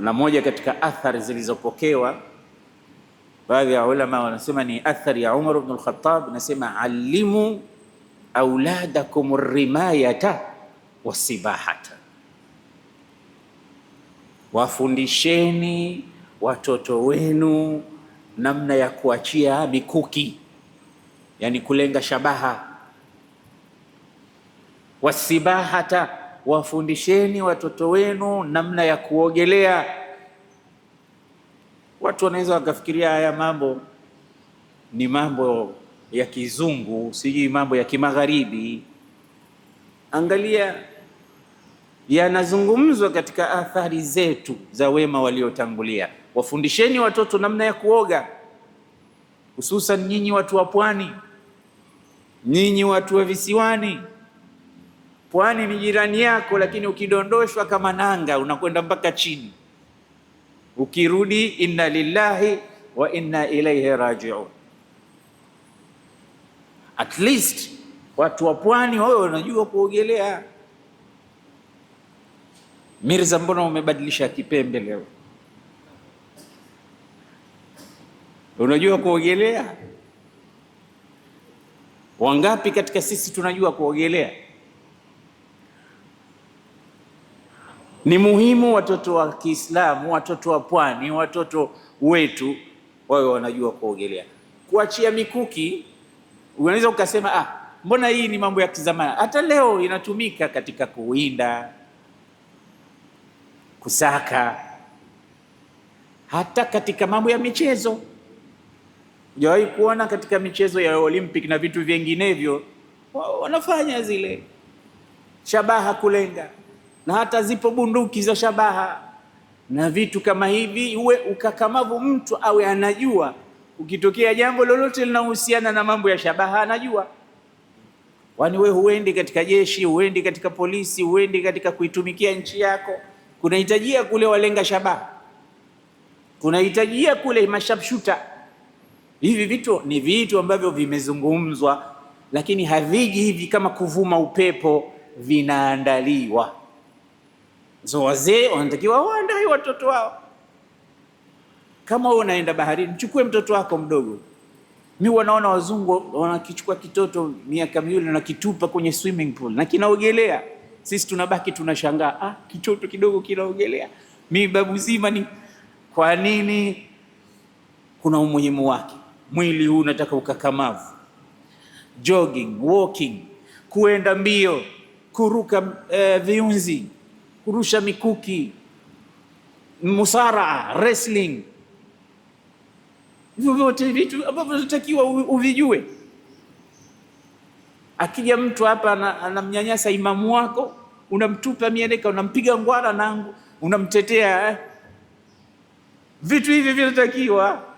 na moja katika athari zilizopokewa baadhi ya ulama wanasema ni athari ya Umar ibn al-Khattab, nasema alimu auladakum rimayata wasibahata, wafundisheni watoto wenu namna ya kuachia mikuki, yani kulenga shabaha, wasibahata wafundisheni watoto wenu namna ya kuogelea. Watu wanaweza wakafikiria haya mambo ni mambo ya kizungu, sijui mambo ya kimagharibi. Angalia, yanazungumzwa katika athari zetu za wema waliotangulia. Wafundisheni watoto namna ya kuoga, hususan nyinyi watu wa pwani, nyinyi watu wa visiwani. Pwani ni jirani yako, lakini ukidondoshwa kama nanga unakwenda mpaka chini, ukirudi inna lillahi wa inna ilaihi rajiun. At least watu wa pwani wao wanajua kuogelea. Mirza, mbona umebadilisha kipembe leo? Unajua kuogelea? Wangapi katika sisi tunajua kuogelea? Ni muhimu watoto wa Kiislamu, watoto wa pwani, watoto wetu wawe wanajua kuogelea. Kuachia mikuki, unaweza ukasema ah, mbona hii ni mambo ya kizamani. Hata leo inatumika katika kuwinda, kusaka, hata katika mambo ya michezo. Hujawahi kuona katika michezo ya Olympic na vitu vinginevyo wanafanya zile shabaha, kulenga na hata zipo bunduki za shabaha na vitu kama hivi. Uwe ukakamavu, mtu awe anajua ukitokea jambo lolote linahusiana na mambo ya shabaha, anajua kwani we huendi katika jeshi, huendi katika polisi, huendi katika kuitumikia nchi yako. Kunahitajia kule walenga shabaha, kunahitajia kule mashapshuta. Hivi vitu ni vitu ambavyo vimezungumzwa, lakini haviji hivi kama kuvuma upepo, vinaandaliwa. So wazee wanatakiwa waandae watoto wao. Kama wewe unaenda baharini, chukue mtoto wako mdogo. Mimi wanaona wazungu wanakichukua kitoto miaka miwili kitupa kwenye swimming pool na kinaogelea. Sisi tunabaki tunashangaa, ah, kitoto kidogo kinaogelea. Mimi babu zima ni kwa nini? Kuna umuhimu wake. Mwili huu unataka ukakamavu, jogging, walking, kuenda mbio, kuruka eh, viunzi kurusha mikuki, musaraa, wrestling, vyovyote vyote vitu ambavyo unatakiwa uvijue. Akija mtu hapa anamnyanyasa imamu wako, unamtupa mieleka, unampiga ngwara nangu, unamtetea eh? Vitu hivi vinatakiwa